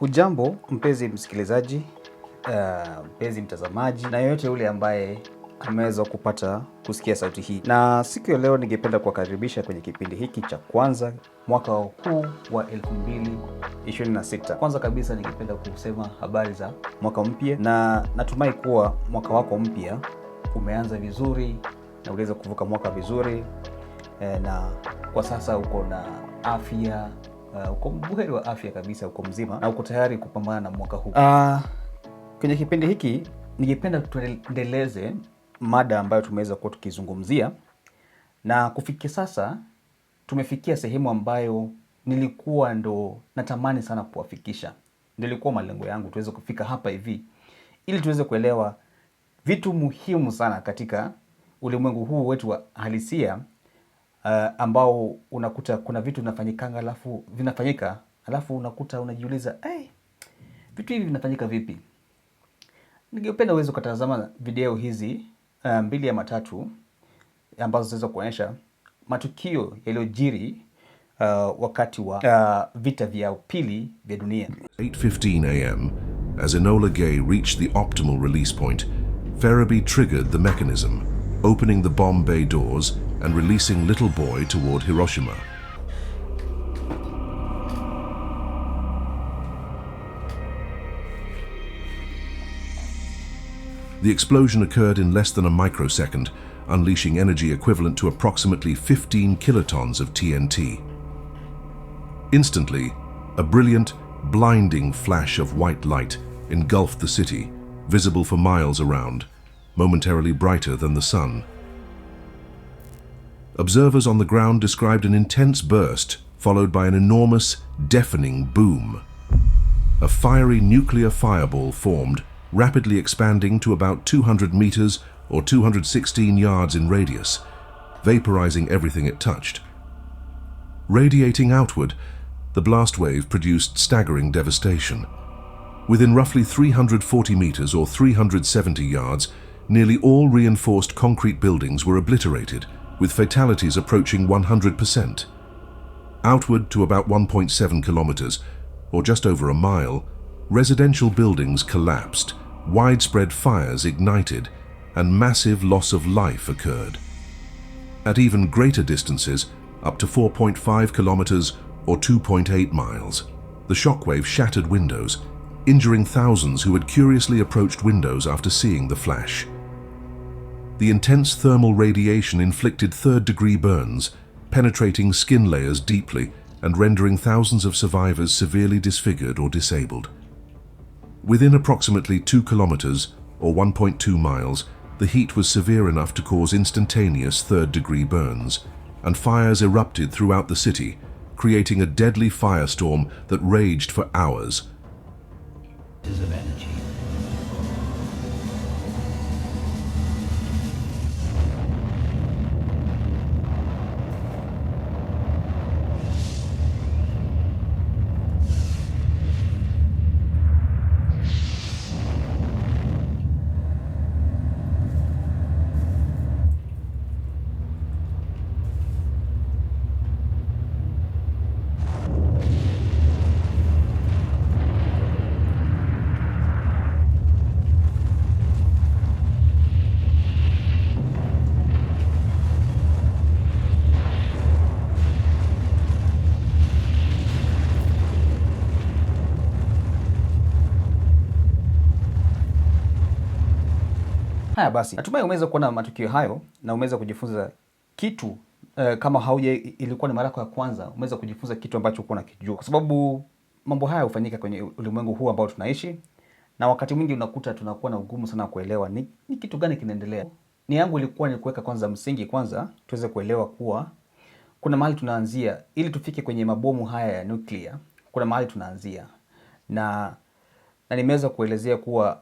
Hujambo mpenzi msikilizaji, uh, mpenzi mtazamaji na yeyote yule ambaye ameweza kupata kusikia sauti hii, na siku ya leo ningependa kuwakaribisha kwenye kipindi hiki cha kwanza mwaka huu wa 2026. Kwanza kabisa ningependa kusema habari za mwaka mpya, na natumai kuwa mwaka wako mpya umeanza vizuri na uliweza kuvuka mwaka vizuri eh, na kwa sasa uko na afya uh, uko buheri wa afya kabisa, uko mzima na uko tayari kupambana na mwaka huu? Uh, kwenye kipindi hiki ningependa tuendeleze mada ambayo tumeweza kuwa tukizungumzia, na kufikia sasa tumefikia sehemu ambayo nilikuwa ndo natamani sana kuwafikisha. Nilikuwa malengo yangu tuweze kufika hapa hivi ili tuweze kuelewa vitu muhimu sana katika ulimwengu huu wetu wa halisia uh, ambao unakuta kuna vitu vinafanyikanga alafu vinafanyika alafu unakuta unajiuliza hey, vitu hivi vinafanyika vipi? Ningependa uweze ukatazama video hizi uh, mbili ya matatu ambazo zinaweza kuonyesha matukio yaliyojiri uh, wakati wa uh, vita vya pili vya dunia. 8:15 am as Enola Gay reached the optimal release point, ferabi triggered the mechanism opening the bomb bay doors and releasing Little Boy toward Hiroshima. The explosion occurred in less than a microsecond, unleashing energy equivalent to approximately 15 kilotons of TNT. Instantly, a brilliant, blinding flash of white light engulfed the city, visible for miles around momentarily brighter than the sun. Observers on the ground described an intense burst followed by an enormous, deafening boom. A fiery nuclear fireball formed, rapidly expanding to about 200 meters or 216 yards in radius, vaporizing everything it touched. Radiating outward, the blast wave produced staggering devastation. Within roughly 340 meters or 370 yards, nearly all reinforced concrete buildings were obliterated, with fatalities approaching 100%. Outward to about 1.7 kilometers, or just over a mile, residential buildings collapsed, widespread fires ignited, and massive loss of life occurred. At even greater distances, up to 4.5 kilometers or 2.8 miles, the shockwave shattered windows, injuring thousands who had curiously approached windows after seeing the flash the intense thermal radiation inflicted third-degree burns, penetrating skin layers deeply and rendering thousands of survivors severely disfigured or disabled. Within approximately 2 kilometers, or 1.2 miles, the heat was severe enough to cause instantaneous third-degree burns, and fires erupted throughout the city, creating a deadly firestorm that raged for hours. Of energy. Haya basi, natumai umeweza kuona matukio hayo na umeweza kujifunza kitu eh, kama hauje ilikuwa ni mara yako ya kwanza, umeweza kujifunza kitu ambacho hukuwa unakijua, kwa sababu mambo haya hufanyika kwenye ulimwengu huu ambao tunaishi, na wakati mwingi unakuta tunakuwa na ugumu sana kuelewa ni, ni kitu gani kinaendelea. Ni yangu ilikuwa ni kuweka kwanza msingi kwanza, tuweze kuelewa kuwa kuna mahali tunaanzia ili tufike kwenye mabomu haya ya nuclear. Kuna mahali tunaanzia na, na nimeweza kuelezea kuwa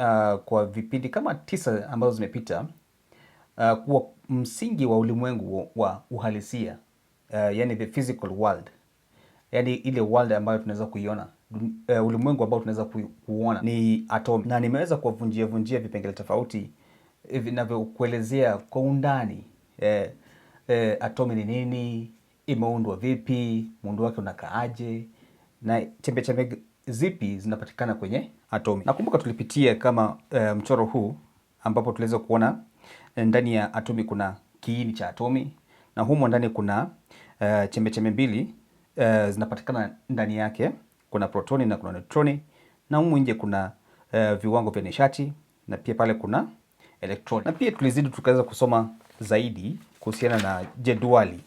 uh, kwa vipindi kama tisa ambazo zimepita uh, kuwa msingi wa ulimwengu wa uhalisia uh, yani the physical world, yani ile world ambayo tunaweza kuiona uh, ulimwengu ambao tunaweza kuona ni atomi, na nimeweza kuwavunjia vunjia vipengele tofauti eh, vinavyokuelezea kwa undani eh, eh, atomi ni nini, imeundwa vipi, muundo wake unakaaje na chembe chembe zipi zinapatikana kwenye atomi. Nakumbuka tulipitia kama e, mchoro huu ambapo tuliweza kuona eh, ndani ya atomi kuna kiini cha atomi na humo ndani kuna e, chembechembe mbili e, zinapatikana ndani yake, kuna protoni na kuna neutroni, na humu nje kuna e, viwango vya nishati na pia pale kuna elektroni. Na pia tulizidi tukaweza kusoma zaidi kuhusiana na jedwali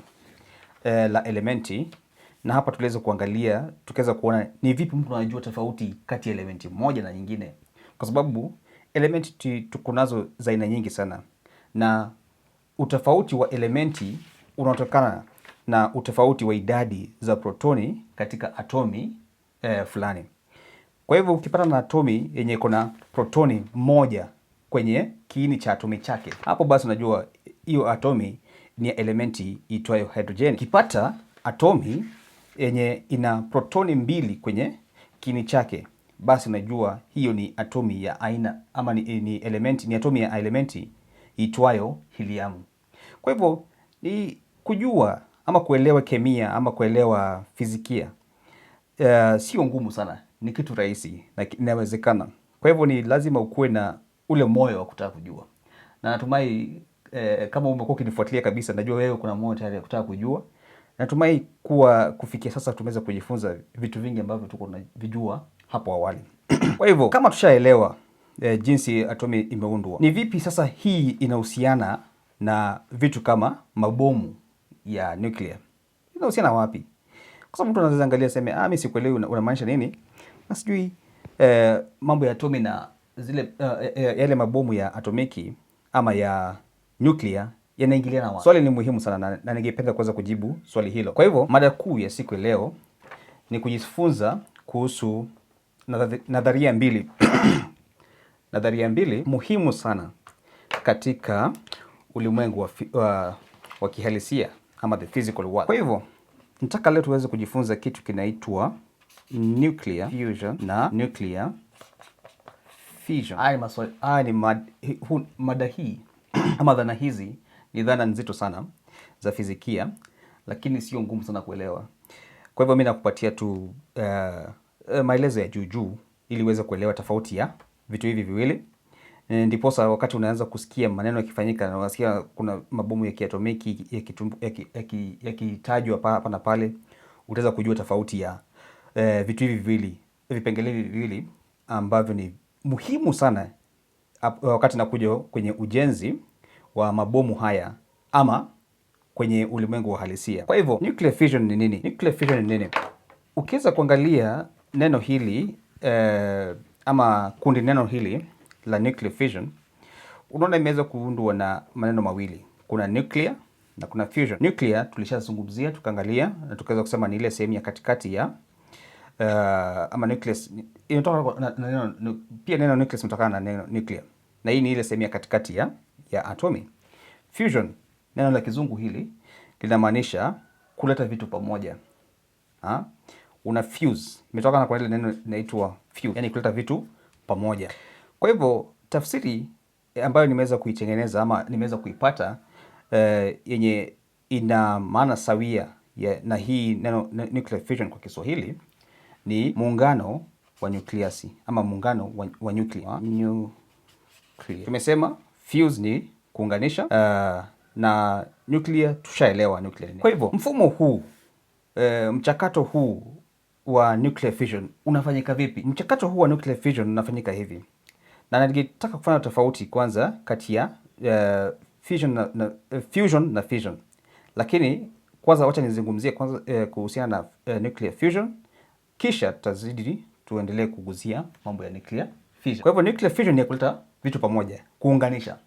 e, la elementi na hapa tuliweza kuangalia, tukaweza kuona ni vipi mtu anajua tofauti kati ya elementi moja na nyingine, kwa sababu elementi tuko nazo za aina nyingi sana, na utofauti wa elementi unaotokana na utofauti wa idadi za protoni katika atomi eh, fulani. Kwa hivyo ukipata na atomi yenye kuna protoni moja kwenye kiini cha atomi chake, hapo basi unajua hiyo atomi ni ya elementi itwayo hydrogen. Ukipata atomi yenye ina protoni mbili kwenye kini chake, basi unajua hiyo ni atomi ya aina ama ni, ni, elementi, ni atomi ya elementi itwayo hiliamu Kwa hivyo ni kujua ama kuelewa kemia ama kuelewa fizikia uh, sio ngumu sana, ni kitu rahisi na inawezekana. Kwa hivyo ni lazima ukuwe na ule moyo wa kutaka kujua, na natumai eh, kama umekuwa ukinifuatilia kabisa, najua wewe kuna moyo tayari ya kutaka kujua. Natumai kuwa kufikia sasa tumeweza kujifunza vitu vingi ambavyo tuko tunavijua hapo awali. Kwa hivyo kama tushaelewa e, jinsi atomi imeundwa, ni vipi sasa hii inahusiana na vitu kama mabomu ya nuclear? Inahusiana wapi? Kwa sababu mtu anaweza angalia sema, ah, mimi sikuelewi unamaanisha nini, na sijui e, mambo ya atomi na zile uh, yale mabomu ya atomiki ama ya nuclear yanaingiliana wapi? Swali ni muhimu sana na, na ningependa kuweza kujibu swali hilo. Kwa hivyo mada kuu ya siku ya leo ni kujifunza kuhusu nadharia mbili nadharia mbili muhimu sana katika ulimwengu wa, wa, wa kihalisia ama the physical world. Kwa hivyo nataka leo tuweze kujifunza kitu kinaitwa nuclear fusion na nuclear fission. Haya ni mada hii ama dhana hizi ni dhana nzito sana za fizikia, lakini sio ngumu sana kuelewa. Kwa hivyo mimi nakupatia tu uh, maelezo ya juu juu ili uweze kuelewa tofauti ya vitu hivi viwili eh, ndiposa wakati unaanza kusikia maneno yakifanyika na unasikia kuna mabomu ya kiatomiki yakitajwa hapa na pale, utaweza kujua tofauti ya eh, vitu hivi viwili, vipengele hivi viwili ambavyo ni muhimu sana wakati nakuja kwenye ujenzi wa mabomu haya ama kwenye ulimwengu wa halisia. Kwa hivyo nuclear fission ni nini? Nuclear fission ni nini? Ukiweza kuangalia neno hili eh, ama kundi neno hili la nuclear fission, unaona imeweza kuundwa na maneno mawili, kuna nuclear na kuna fusion. Nuclear tulishazungumzia tukaangalia na tukaweza kusema ni ile sehemu ya katikati ya uh, ama nucleus inatoka na, na, na, pia neno nucleus inatokana na neno nuclear, na hii ni ile sehemu ya katikati ya ya atomi. Fusion, neno la kizungu hili linamaanisha kuleta vitu pamoja. Ha? Una fuse, imetoka na kwa ile neno linaitwa fuse, yani kuleta vitu pamoja. Kwa hivyo tafsiri ambayo nimeweza kuitengeneza ama nimeweza kuipata eh, yenye ina maana sawia ya, na hii neno nuclear fusion kwa Kiswahili ni muungano wa nyukliasi ama muungano wa, wa nyuklia. Tumesema fuse ni kuunganisha uh, na nuclear tushaelewa nuclear. ni. Kwa hivyo mfumo huu e, mchakato huu wa nuclear fission unafanyika vipi? Mchakato huu wa nuclear fission unafanyika hivi, na ningetaka kufanya tofauti kwanza kati ya uh, eh, fission na, na, uh, fusion na fission, lakini kwanza wacha nizungumzie kwanza uh, kuhusiana na uh, nuclear fusion, kisha tutazidi tuendelee kuguzia mambo ya nuclear fission. Kwa hivyo nuclear fission ni kuleta vitu pamoja, kuunganisha.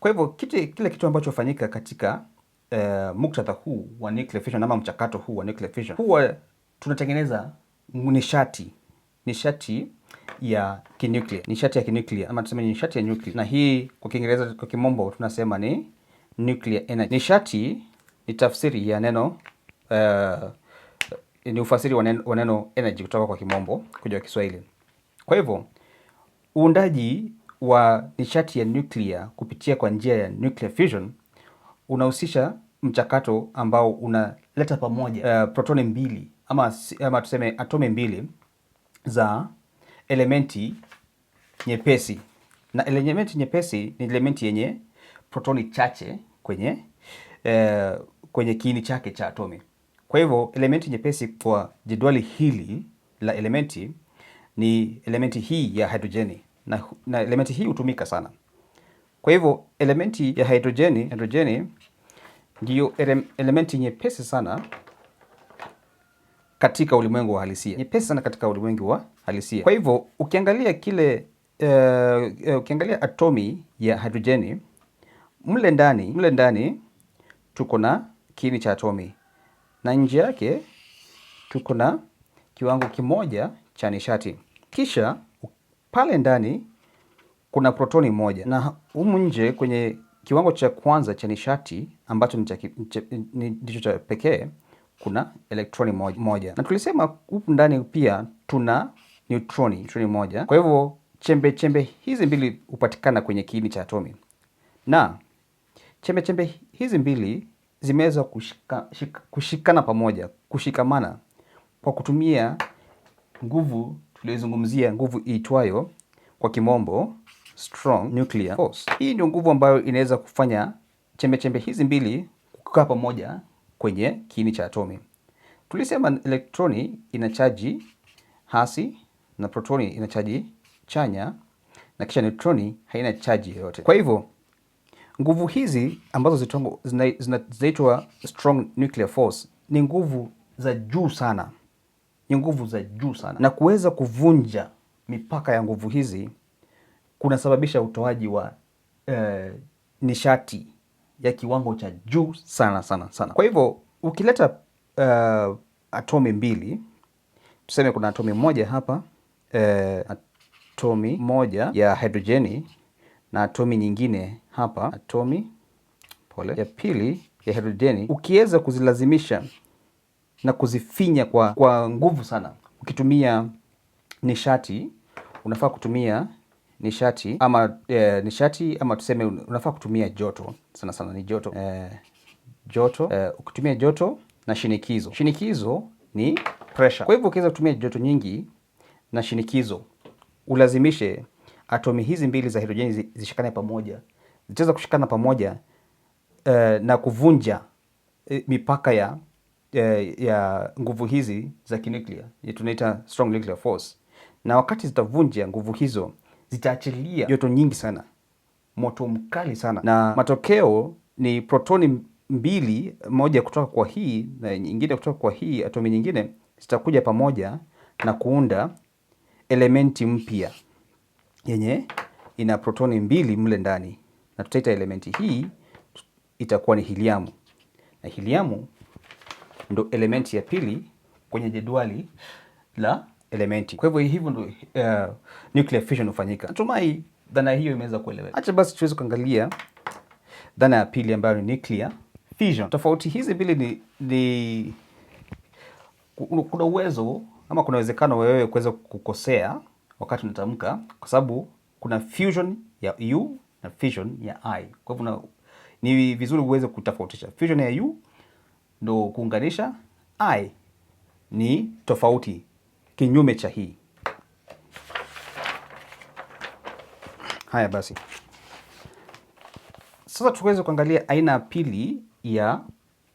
Kwa hivyo kiti, kile kitu ambacho hufanyika katika uh, muktadha huu wa nuclear fission ama mchakato huu wa nuclear fission, huwa tunatengeneza nishati nishati ya kinuclear, nishati ya kinuclear ama tuseme nishati ya nuclear, na hii kwa Kiingereza, kwa kimombo tunasema ni nuclear energy. Nishati ni tafsiri ya neno uh, ni ufasiri wa neno energy kutoka kwa kimombo kuja kwa Kiswahili. Kwa hivyo uundaji wa nishati ya nuklia kupitia kwa njia ya nuclear fusion unahusisha mchakato ambao unaleta pamoja uh, protoni mbili ama, ama tuseme atome mbili za elementi nyepesi, na elementi nyepesi ni elementi yenye protoni chache kwenye uh, kwenye kiini chake cha atomi. Kwa hivyo elementi nyepesi kwa jedwali hili la elementi ni elementi hii ya hidrojeni na, na elementi hii hutumika sana. Kwa hivyo elementi ya hidrojeni, hidrojeni ndiyo elementi nyepesi sana katika ulimwengu wa halisia, nyepesi sana katika ulimwengu wa halisia. Kwa hivyo ukiangalia kile uh, ukiangalia atomi ya hidrojeni mle ndani, mle ndani tuko na kiini cha atomi na nje yake tuko na kiwango kimoja cha nishati kisha pale ndani kuna protoni moja, na humu nje kwenye kiwango cha kwanza cha nishati ambacho ndicho cha pekee kuna elektroni moja, moja. Na tulisema huku ndani pia tuna neutroni, neutroni moja. Kwa hivyo chembe chembe hizi mbili hupatikana kwenye kiini cha atomi, na chembe chembe hizi mbili zimeweza kushika, kushikana pamoja, kushikamana kwa kutumia nguvu tulizungumzia nguvu iitwayo kwa kimombo strong nuclear force. Hii ndio nguvu ambayo inaweza kufanya chembechembe hizi mbili kukaa pamoja kwenye kiini cha atomi. Tulisema elektroni ina chaji hasi na protoni ina chaji chanya na kisha neutroni haina chaji yoyote. Kwa hivyo nguvu hizi ambazo zinaitwa strong nuclear force ni nguvu za juu sana ni nguvu za juu sana, na kuweza kuvunja mipaka ya nguvu hizi kunasababisha utoaji wa eh, nishati ya kiwango cha juu sana sana sana. Kwa hivyo ukileta uh, atomi mbili, tuseme kuna atomi moja hapa uh, atomi moja ya hidrojeni na atomi nyingine hapa, atomi pole ya pili ya hidrojeni, ukiweza kuzilazimisha na kuzifinya kwa, kwa nguvu sana. Ukitumia nishati unafaa kutumia nishati ama e, nishati ama tuseme unafaa kutumia joto sana sana ni joto e, joto e, ukitumia joto na shinikizo. Shinikizo ni pressure. Kwa hivyo ukiweza kutumia joto nyingi na shinikizo, ulazimishe atomi hizi mbili za hidrojeni zishikane pamoja, zitaweza kushikana pamoja e, na kuvunja e, mipaka ya ya nguvu hizi za kinuklia tunaita strong nuclear force, na wakati zitavunja nguvu hizo zitaachilia joto nyingi sana, moto mkali sana, na matokeo ni protoni mbili, moja kutoka kwa hii na nyingine kutoka kwa hii atomi nyingine, zitakuja pamoja na kuunda elementi mpya yenye ina protoni mbili mle ndani, na tutaita elementi hii itakuwa ni hiliamu na hiliamu ndo elementi ya pili kwenye jedwali la elementi. Kwa hivyo hivyo ndo uh, nuclear fission hufanyika. Natumai dhana hiyo imeweza kueleweka. Acha basi tuweze kuangalia dhana ya pili ambayo ni nuclear fission. Tofauti hizi mbili ni, ni kuna uwezo ama kuna uwezekano wewe kuweza kukosea wakati unatamka, kwa sababu kuna fusion ya u na fission ya i. Kwa hivyo ni vizuri uweze kutofautisha fusion ya u ndo kuunganisha i ni tofauti, kinyume cha hii. Haya basi, sasa tuweze kuangalia aina ya pili ya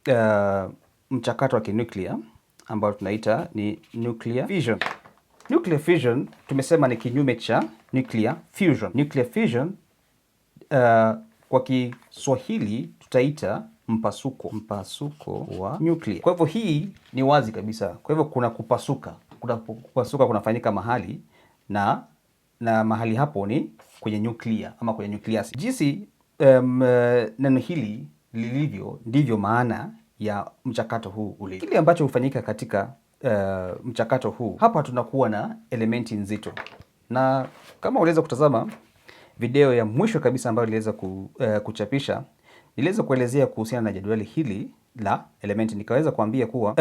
uh, mchakato wa kinuklia ambao tunaita ni nuclear fission. Nuclear fission tumesema ni kinyume cha nuclear fusion. Nuclear fission uh, kwa Kiswahili tutaita mpasuko mpasuko wa nuclear. Kwa hivyo hii ni wazi kabisa. Kwa hivyo kuna kupasuka, kuna kupasuka kunafanyika mahali na na mahali hapo ni kwenye nuclear ama kwenye nucleus. Jinsi um, neno hili lilivyo ndivyo maana ya mchakato huu ule. Kile ambacho hufanyika katika uh, mchakato huu, hapa tunakuwa na elementi nzito, na kama uliweza kutazama video ya mwisho kabisa ambayo niliweza eh, kuchapisha niliweza kuelezea kuhusiana na jadwali hili la elementi, nikaweza kuambia kuwa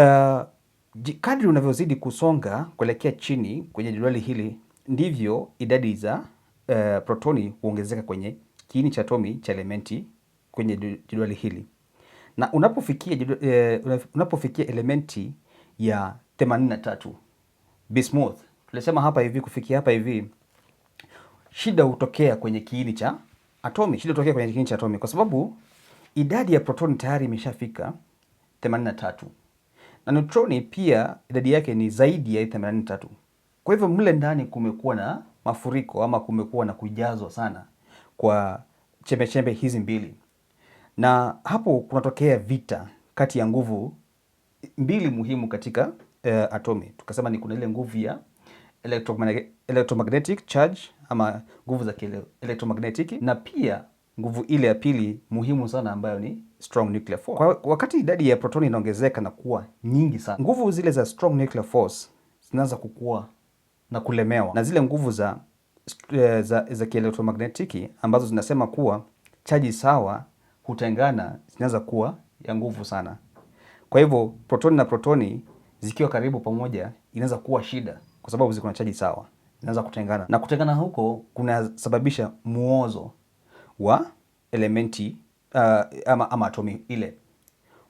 uh, kadri unavyozidi kusonga kuelekea chini kwenye jadwali hili ndivyo idadi za uh, protoni huongezeka kwenye kiini cha atomi cha elementi kwenye jadwali hili na unapofikia, uh, unapofikia elementi ya 83 bismuth, tulisema hapa hivi, kufikia hapa hivi, shida hutokea kwenye kiini cha atomi, shida hutokea kwenye kiini cha atomi kwa sababu idadi ya protoni tayari imeshafika 83 na neutroni pia idadi yake ni zaidi ya 83. Kwa hivyo mle ndani kumekuwa na mafuriko ama kumekuwa na kujazwa sana kwa chembechembe hizi mbili, na hapo kunatokea vita kati ya nguvu mbili muhimu katika uh, atomi. Tukasema ni kuna ile nguvu ya electromagnetic charge ama nguvu za kielektromagnetiki na pia nguvu ile ya pili muhimu sana ambayo ni strong nuclear force. Kwa wakati idadi ya protoni inaongezeka na kuwa nyingi sana, nguvu zile za strong nuclear force zinaanza kukua na kulemewa na zile nguvu za, eh, za, za kielektromagnetiki ambazo zinasema kuwa chaji sawa hutengana, zinaanza kuwa ya nguvu sana. Kwa hivyo protoni na protoni zikiwa karibu pamoja inaweza kuwa shida, kwa sababu ziko na chaji sawa, zinaweza kutengana na kutengana huko kunasababisha muozo wa elementi uh, ama, ama atomi ile.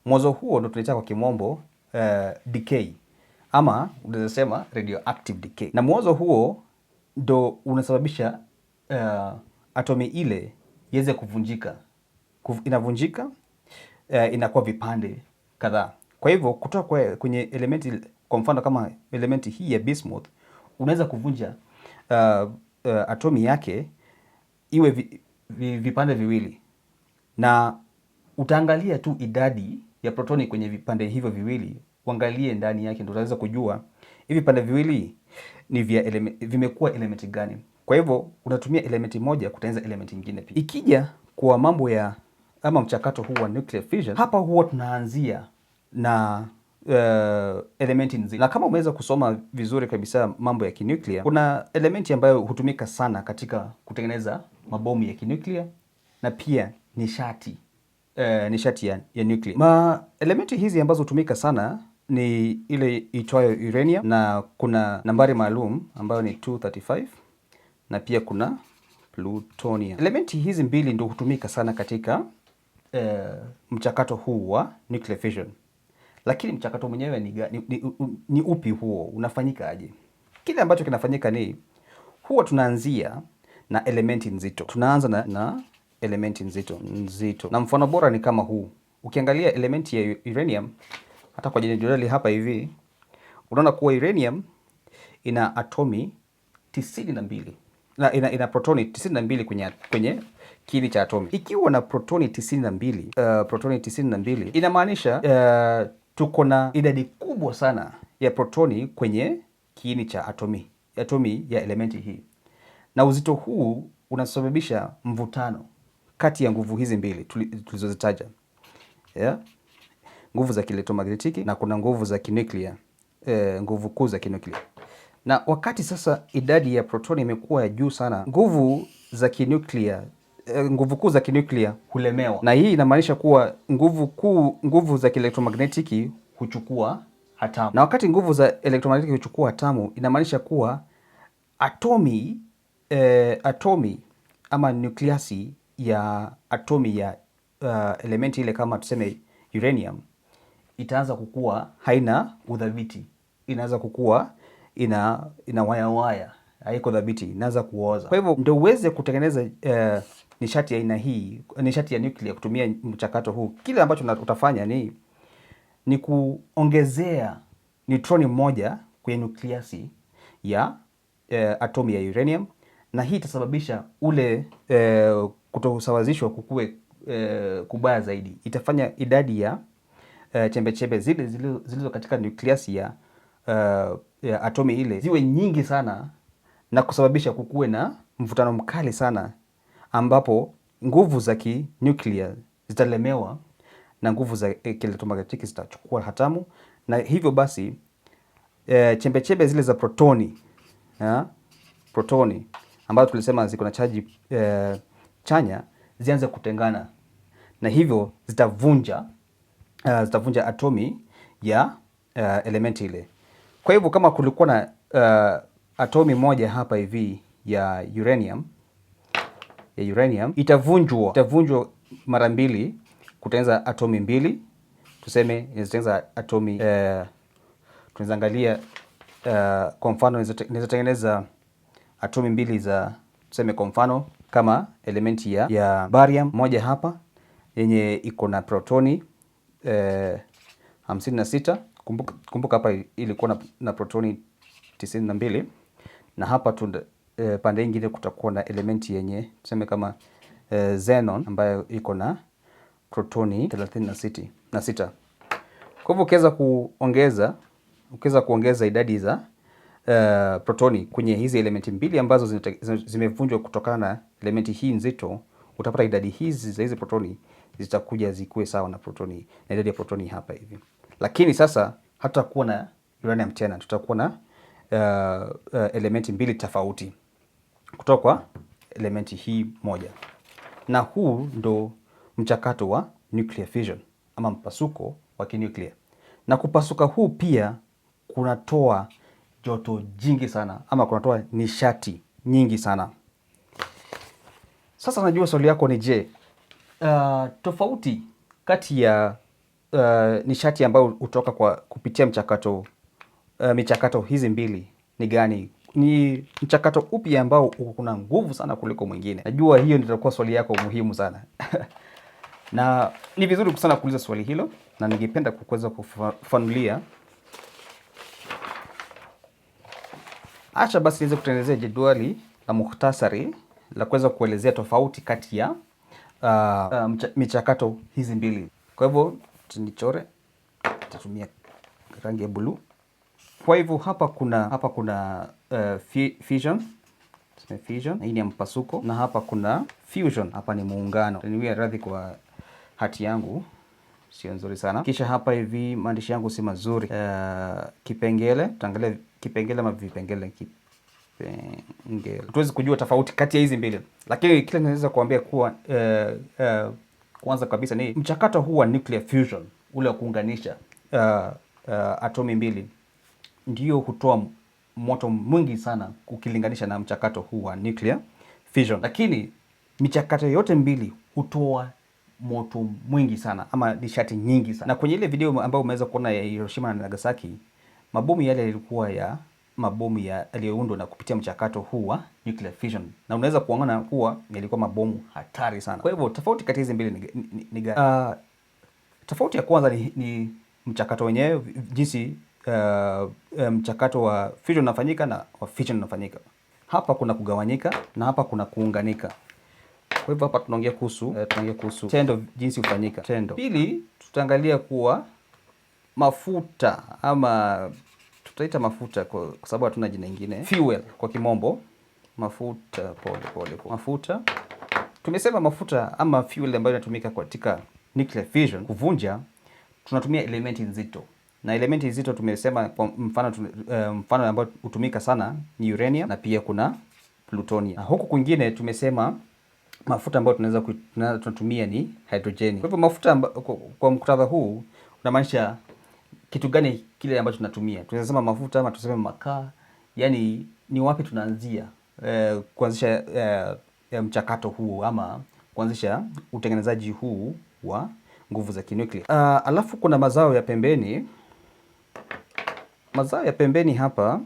Mwazo huo ndo tunaita kwa kimombo uh, decay ama unaweza sema radioactive decay, na mwazo huo ndo unasababisha uh, atomi ile iweze kuvunjika Kuv, inavunjika uh, inakuwa vipande kadhaa. Kwa hivyo kutoka kwenye elementi, kwa mfano kama elementi hii ya bismuth, unaweza kuvunja uh, uh, atomi yake iwe vi, vipande viwili na utaangalia tu idadi ya protoni kwenye vipande hivyo viwili, uangalie ndani yake, ndio utaweza kujua hivi vipande viwili ni vya eleme, vimekuwa elementi gani. Kwa hivyo unatumia elementi moja kutengeneza elementi nyingine. Pia ikija kwa mambo ya ama mchakato huu wa nuclear fission, hapa huwa tunaanzia na Uh, elementi nzima na kama umeweza kusoma vizuri kabisa mambo ya kinuklia, kuna elementi ambayo hutumika sana katika kutengeneza mabomu ya kinuklia na pia nishati uh, nishati ya, ya nuklia. Ma elementi hizi ambazo hutumika sana ni ile itwayo uranium, na kuna nambari maalum ambayo ni 235 na pia kuna plutonium. Elementi hizi mbili ndio hutumika sana katika uh, mchakato huu wa nuclear fission. Lakini mchakato mwenyewe ni, ni, ni, ni upi huo? Unafanyikaje? Kile ambacho kinafanyika ni huwa tunaanzia na elementi nzito, tunaanza na, na elementi nzito nzito, na mfano bora ni kama huu. Ukiangalia elementi ya uranium hata kwa jenerali hapa hivi, unaona kuwa uranium ina atomi tisini na mbili na ina, ina protoni tisini na mbili kwenye, kwenye kiini cha atomi. Ikiwa na protoni tisini na mbili uh, protoni tisini na mbili inamaanisha uh, tuko na idadi kubwa sana ya protoni kwenye kiini cha atomi, atomi ya elementi hii, na uzito huu unasababisha mvutano kati ya nguvu hizi mbili tulizozitaja, yeah? nguvu za kielektromagnetiki na kuna nguvu za kinuklia eh, nguvu kuu za kinuklia. Na wakati sasa idadi ya protoni imekuwa ya juu sana, nguvu za kinuklia Eh, nguvu kuu za kinuklia hulemewa, na hii inamaanisha kuwa nguvu kuu, nguvu za kielektromagnetiki huchukua hatamu, na wakati nguvu za elektromagnetiki huchukua hatamu inamaanisha kuwa atomi eh, atomi ama nukliasi ya atomi ya uh, elementi ile kama tuseme uranium itaanza kukua haina udhabiti, inaanza kukua ina ina wayawaya, haiko dhabiti, inaanza kuoza. Kwa hivyo ndio uweze kutengeneza uh, nishati ya aina hii, nishati ya nuclear kutumia mchakato huu, kile ambacho utafanya ni ni kuongezea neutroni moja kwenye nukliasi ya eh, atomi ya uranium, na hii itasababisha ule eh, kutosawazishwa kukue eh, kubaya zaidi. Itafanya idadi ya eh, chembechembe zile zilizo katika nukliasi ya, eh, ya atomi ile ziwe nyingi sana na kusababisha kukuwe na mvutano mkali sana ambapo nguvu za kinyuklia zitalemewa na nguvu za eh, kielektromagnetiki zitachukua hatamu, na hivyo basi e, chembechembe zile za protoni ya, protoni ambazo tulisema ziko na chaji e, eh, chanya zianze kutengana, na hivyo zitavunja uh, zitavunja atomi ya uh, elementi ile. Kwa hivyo kama kulikuwa na uh, atomi moja hapa hivi ya uranium ya uranium itavunjwa itavunjwa mara mbili kutengeneza atomi mbili, tuseme inaweza atomi eh, tunaweza angalia uh, kwa mfano inaweza tengeneza atomi mbili za tuseme kwa mfano kama elementi ya, ya barium moja hapa yenye iko na protoni eh, hamsini na sita. Kumbuka, kumbuka hapa ilikuwa na, na protoni tisini na mbili na hapa Eh, pande nyingine kutakuwa na elementi yenye tuseme kama eh, xenon ambayo iko na protoni 36 na sita. Kwa hivyo ukiweza kuongeza ukiweza kuongeza idadi za uh, protoni kwenye hizi elementi mbili ambazo zimevunjwa kutokana na elementi hii nzito, utapata idadi hizi za hizi protoni zitakuja zikuwe sawa na protoni na idadi ya protoni hapa hivi. Lakini sasa hatutakuwa na uranium tena, tutakuwa na uh, eh, uh, elementi mbili tofauti kutoka kwa elementi hii moja, na huu ndo mchakato wa nuclear fission ama mpasuko wa kinuclear. Na kupasuka huu pia kunatoa joto jingi sana ama kunatoa nishati nyingi sana. Sasa najua swali yako ni je, uh, tofauti kati ya uh, nishati ambayo hutoka kwa kupitia mchakato uh, michakato hizi mbili ni gani? ni mchakato upi ambao kuna nguvu sana kuliko mwingine. Najua hiyo nitakuwa swali yako muhimu sana na ni vizuri sana kuuliza swali hilo, na ningependa kukuweza kufanulia Acha basi niweze kutengenezea jedwali la muhtasari la kuweza kuelezea tofauti kati ya uh, uh, michakato hizi mbili. Kwa hivyo tunichore, tatumia rangi ya buluu. Kwa hivyo hapa kuna hapa kuna uh, eh, fission fission, hii ni mpasuko, na hapa kuna fusion, hapa ni muungano. Niwie radhi kwa hati yangu sio nzuri sana. Kisha hapa hivi maandishi yangu si mazuri. Uh, kipengele, tutaangalia kipengele ama vipengele kipengele. Tuwezi kujua tofauti kati ya hizi mbili, lakini kile ninaweza kuambia kuwa uh, uh, kwanza kabisa ni mchakato huu wa nuclear fusion ule wa kuunganisha uh, uh, atomi mbili ndio hutoa moto mwingi sana ukilinganisha na mchakato huu wa nuclear fission, lakini michakato yote mbili hutoa moto mwingi sana ama nishati nyingi sana. Na kwenye ile video ambayo umeweza kuona ya Hiroshima na Nagasaki, mabomu yale yalikuwa ya mabomu yaliyoundwa na kupitia mchakato huu wa nuclear fission, na unaweza kuona kuwa yalikuwa mabomu hatari sana. Kwa hivyo tofauti kati hizi mbili ni, ni, ni, uh, tofauti ya kwanza ni, ni mchakato wenyewe jinsi uh, mchakato wa fission unafanyika na wa fission unafanyika. Hapa kuna kugawanyika na hapa kuna kuunganika. Kwa hivyo hapa tunaongea kuhusu uh, tunaongea kuhusu tendo jinsi hufanyika. Tendo. Pili tutaangalia kuwa mafuta ama tutaita mafuta kwa kwa sababu hatuna jina lingine. Fuel kwa kimombo. Mafuta pole pole pole. Mafuta. Tumesema mafuta ama fuel ambayo inatumika katika nuclear fission kuvunja, tunatumia elementi nzito na elementi nzito tumesema kwa mfano, eh, mfano ambao hutumika sana ni uranium na pia kuna plutonium. Na huku kwingine tumesema mafuta ambayo tunaweza tunatumia ni hydrogeni. Kwa hivyo mafuta amba, kwa, kwa mkutadha huu unamaanisha kitu gani kile ambacho tunatumia? Tunaweza sema mafuta ama tuseme makaa, yani ni wapi tunaanzia eh, kuanzisha eh, eh, mchakato huu ama kuanzisha utengenezaji huu wa nguvu za kinuklia. Uh, alafu kuna mazao ya pembeni Mazao ya pembeni hapa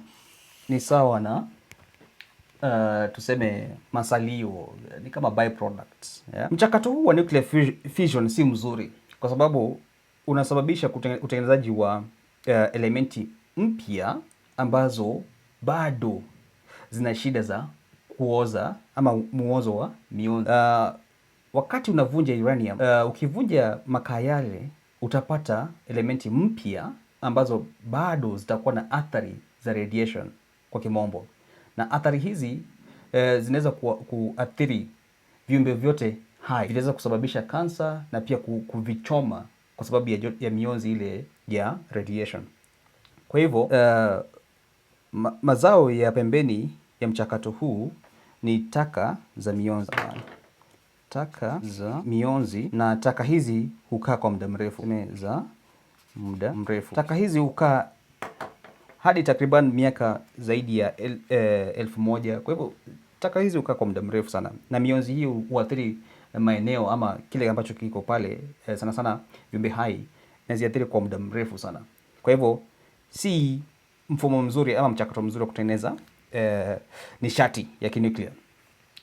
ni sawa na Uh, tuseme masalio ni kama byproducts yeah. Mchakato huu wa nuclear fission si mzuri kwa sababu unasababisha utengenezaji wa uh, elementi mpya ambazo bado zina shida za kuoza ama muozo wa mionzi. Uh, wakati unavunja uranium uh, ukivunja makaa yale utapata elementi mpya ambazo bado zitakuwa na athari za radiation kwa kimombo, na athari hizi e, zinaweza kuathiri viumbe vyote hai, vinaweza kusababisha kansa na pia kuvichoma kwa sababu ya, ya mionzi ile ya radiation. Kwa hivyo uh, ma mazao ya pembeni ya mchakato huu ni taka za mionzi taka za mionzi, na taka hizi hukaa kwa muda mrefu za muda mrefu. Taka hizi hukaa hadi takriban miaka zaidi ya el, eh, elfu moja. Kwa hivyo taka hizi hukaa kwa muda mrefu sana, na mionzi hii huathiri maeneo ama kile ambacho kiko pale eh, sana sana viumbe hai naziathiri kwa muda mrefu sana. Kwa hivyo si mfumo mzuri ama mchakato mzuri wa kutengeneza eh, nishati ya kinuklia,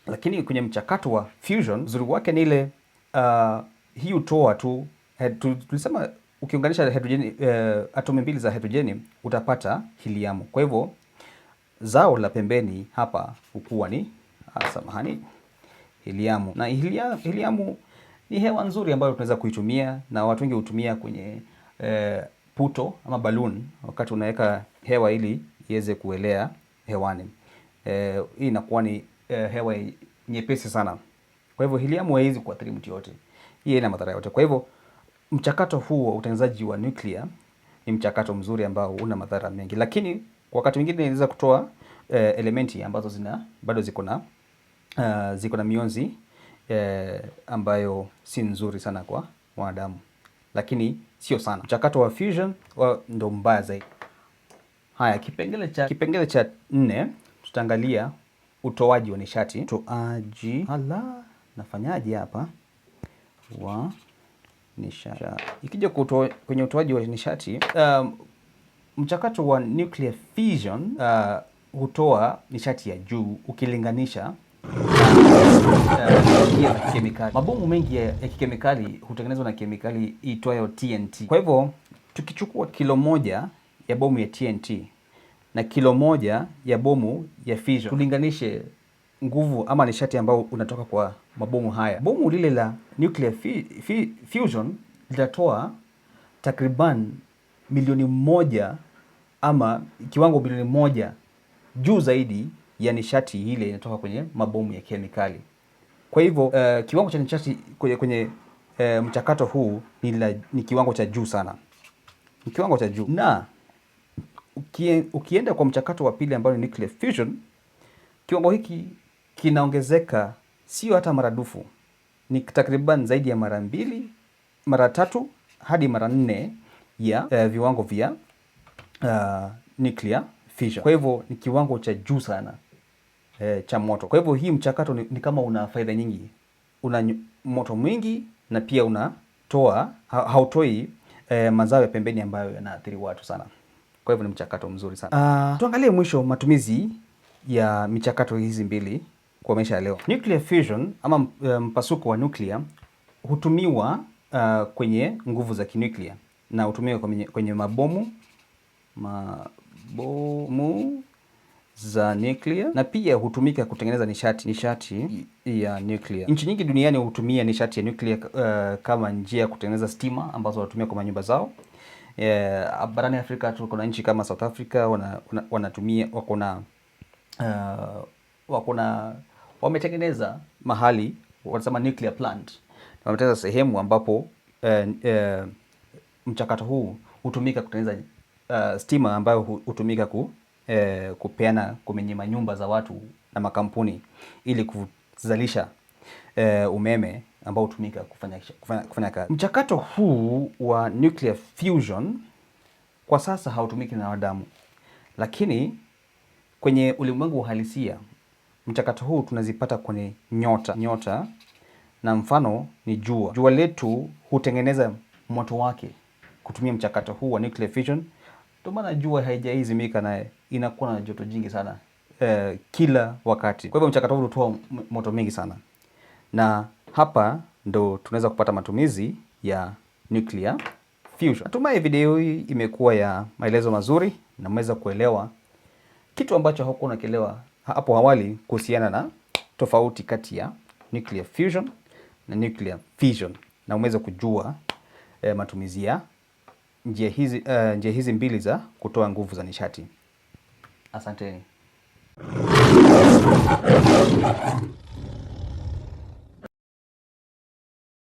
Lakini kwenye mchakato wa fusion, uzuri wake ni ile uh, hii hutoa tu eh, tulisema ukiunganisha hidrojeni, eh, atomi mbili za hidrojeni utapata hiliamu Kwa hivyo zao la pembeni hapa hukuwa ni ah, samahani, hiliamu Na heliamu, ni hewa nzuri ambayo tunaweza kuitumia na watu wengi hutumia kwenye uh, puto ama balloon, wakati unaweka hewa ili iweze kuelea hewani. Uh, hii inakuwa ni uh, hewa nyepesi sana. Kwa hivyo heliamu haiwezi kuathiri mtu yote, hii ina madhara yote. Kwa hivyo mchakato huu wa utengenezaji wa nuklia ni mchakato mzuri ambao una madhara mengi, lakini wakati mwingine inaweza kutoa uh, elementi ambazo zina bado ziko na uh, ziko na mionzi uh, ambayo si nzuri sana kwa mwanadamu, lakini sio sana. Mchakato wa fusion ndo mbaya zaidi. Haya, kipengele cha kipengele cha nne tutaangalia utoaji wa nishati. Utoaji, hala, nafanyaje hapa wa nishati. Ikija kwenye utoaji wa nishati um, mchakato wa nuclear fission uh, hutoa nishati ya juu ukilinganisha ya uh, kemikali. Mabomu mengi ya kikemikali hutengenezwa na kemikali iitwayo TNT. Kwa hivyo tukichukua kilo moja ya bomu ya TNT na kilo moja ya bomu ya fission tulinganishe nguvu ama nishati ambayo unatoka kwa mabomu haya. Bomu lile la nuclear fusion litatoa takriban milioni moja ama kiwango milioni moja juu zaidi ya nishati ile inatoka kwenye mabomu ya kemikali. Kwa hivyo uh, kiwango cha nishati kwenye, kwenye uh, mchakato huu ni, la, ni kiwango cha juu sana, ni kiwango cha juu na ukienda kwa mchakato wa pili ambayo ni nuclear fusion, kiwango hiki kinaongezeka sio hata maradufu, ni takriban zaidi ya mara mbili, mara tatu hadi mara nne ya uh, viwango vya uh, nuclear fission. Kwa hivyo ni kiwango cha juu sana uh, cha moto. Kwa hivyo hii mchakato ni, ni kama una faida nyingi, una moto mwingi na pia unatoa ha, hautoi uh, mazao ya pembeni ambayo yanaathiri watu sana. Kwa hivyo ni mchakato mzuri sana. Uh, tuangalie mwisho matumizi ya michakato hizi mbili kwa maisha ya leo. Nuclear fusion ama um, mpasuko wa nuclear hutumiwa uh, kwenye nguvu za kinuclear na hutumiwa kwenye, kwenye mabomu mabomu za nuclear na pia hutumika kutengeneza nishati nishati ya nuclear. Nchi nyingi duniani hutumia nishati ya nuclear uh, kama njia ya kutengeneza stima ambazo wanatumia kwa manyumba zao. Uh, barani Afrika tuko na nchi kama South Africa wanatumia wana, wana wako na uh, wako na wametengeneza mahali wanasema nuclear plant, wametengeneza sehemu ambapo eh, eh, mchakato huu hutumika kutengeneza uh, stima ambayo hutumika ku, eh, kupeana kumenyima nyumba za watu na makampuni ili kuzalisha eh, umeme ambao hutumika kufanya, kufanya, kufanya kazi. Mchakato huu wa nuclear fusion kwa sasa hautumiki na wanadamu, lakini kwenye ulimwengu wa uhalisia Mchakato huu tunazipata kwenye nyota nyota, na mfano ni jua. Jua letu hutengeneza moto wake kutumia mchakato huu wa nuclear fission. Ndio maana jua haijaizimika na inakuwa na joto jingi sana eh, kila wakati. Kwa hivyo mchakato huu unatoa moto mingi sana, na hapa ndo tunaweza kupata matumizi ya nuclear fusion. Natumai video hii imekuwa ya maelezo mazuri na mweza kuelewa kitu ambacho hakuwa unakielewa hapo awali kuhusiana na tofauti kati ya nuclear fusion na nuclear fission, na umeweza kujua eh, matumizi ya njia hizi, uh, njia hizi mbili za kutoa nguvu za nishati. Asanteni.